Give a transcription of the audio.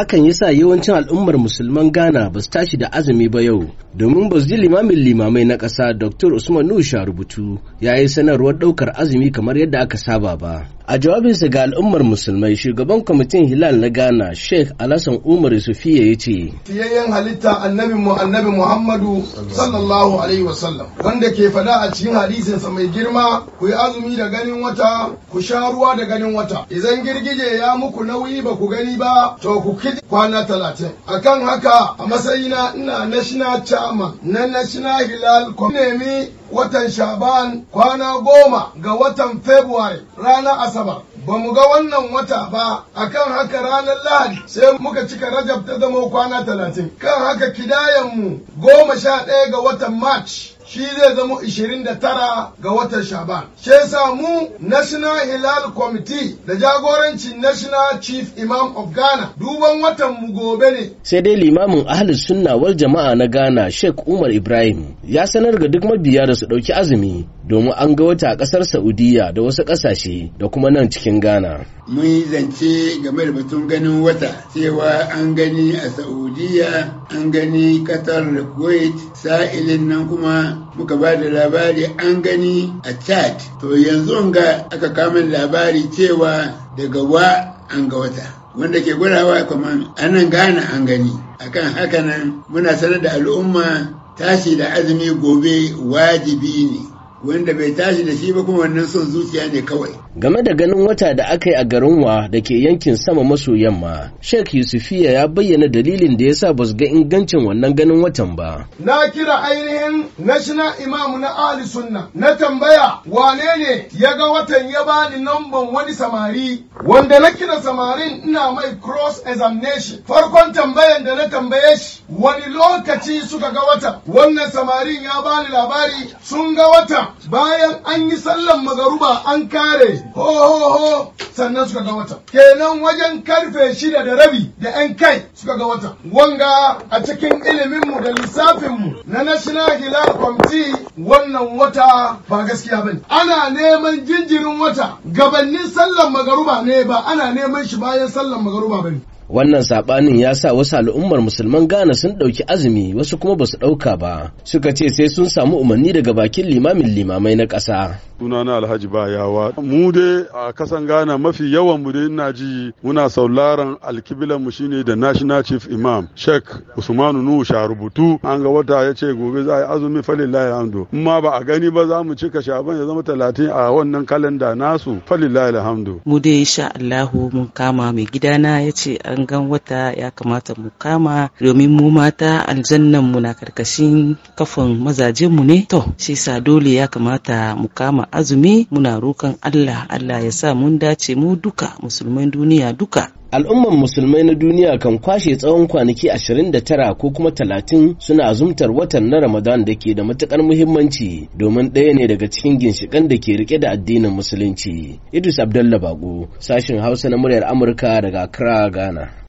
hakan yasa yawancin al'ummar musulman ghana ba su tashi da azumi ba yau domin ba su ji limamin limamai na ƙasa dr usman nusha rubutu ya yi sanarwar ɗaukar azumi kamar yadda aka saba ba A jawabinsa ga al'ummar musulmai shugaban kwamitin Hilal na Ghana Sheikh Alhassan Umar Sufiya ya ce. Fiyayyen halitta annabi mu annabi Muhammadu sallallahu alaihi wasallam wanda ke fada a cikin hadisinsa mai girma ku yi azumi da ganin wata ku sha ruwa da ganin wata idan girgije ya muku nauyi ba ku gani ba to ku kidi kwana talatin akan haka a matsayina ina national chairman na national hilal nemi watan shaban kwana goma ga watan february ranar asabar ba mu ga wannan wata ba A kan haka ranar lahadi sai muka cika rajab ta zama kwana talatin kan haka kidayan mu goma sha ɗaya ga watan march shi zai zama 29 ga watan Shaban. Shi yasa mu National Hilal Committee da jagorancin National Chief Imam of Ghana duban watan mu gobe ne. Sai dai limamin Ahli Sunna wal Jama'a na Ghana Sheikh Umar Ibrahim ya sanar ga duk mabiya da su ɗauki azumi domin an ga wata a ƙasar Saudiya da wasu ƙasashe da kuma nan cikin Ghana. Mun zance game da batun ganin wata cewa an gani a Saudiya an gani Qatar da Kuwait sa'ilin nan kuma muka ba da labari an gani a chad to yanzu ga aka kama labari cewa daga wa an ga wata wanda ke gwadawa kuma anan gane an gani akan hakanan muna sanar da al'umma tashi da azumi gobe wajibi ne wanda bai tashi da shi ba kuma wannan son zuciya ne kawai. Game da ganin wata da aka yi a garinwa da ke yankin sama maso yamma, Sheikh Yusufiya ya bayyana dalilin da ya sa ba su ga ingancin wannan ganin watan ba. Na kira ainihin National Imam na Ali Sunna na tambaya wane ne ya ga watan ya bani namban wani samari wanda na kira samarin ina mai cross examination farkon tambayan da na tambaye shi wani lokaci suka ga wata wannan samarin ya bani labari sun ga wata bayan an yi sallan magaruba an kare ho ho ho sannan suka ga wata kenan wajen karfe shida da rabi da yan kai suka ga wata wanga a cikin iliminmu da lissafinmu na national hilal committee wannan wata ba gaskiya ba ana neman jinjirin wata gabanin sallan magaruba ne ba ana neman shi bayan sallan magaruba ba ne wannan sabanin ya sa wasu al'ummar musulman Ghana sun ɗauki azumi wasu kuma basu su ɗauka ba suka ce sai sun samu umarni daga bakin limamin limamai na ƙasa sunana alhaji yawa mu dai a kasan ghana mafi yawan mu dai ina ji muna sauraron alkiblan mu shine da national chief imam sheikh usmanu nuhu sharubutu an ga wata ya ce gobe za a yi azumi falilahi alhamdu in ba a gani ba za mu cika shaban ya zama talatin a wannan kalanda nasu falilahi alhamdu mu dai insha allahu mun kama mai gidana ya ce an gangan wata ya kamata mu kama domin mu mata aljannan mu na karkashin kafin mazajen ne to shi sa dole ya kamata mu kama azumi muna rokan Allah Allah ya sa mun dace mu duka musulman duniya duka al'umman musulmai na duniya kan kwashe tsawon kwanaki ashirin da tara ko kuma talatin suna azumtar watan na ramadan da ke da matukar muhimmanci domin ɗaya ne daga cikin ginshikan da ke rike da addinin musulunci idris abdallah bago sashin hausa na muryar amurka daga accra ghana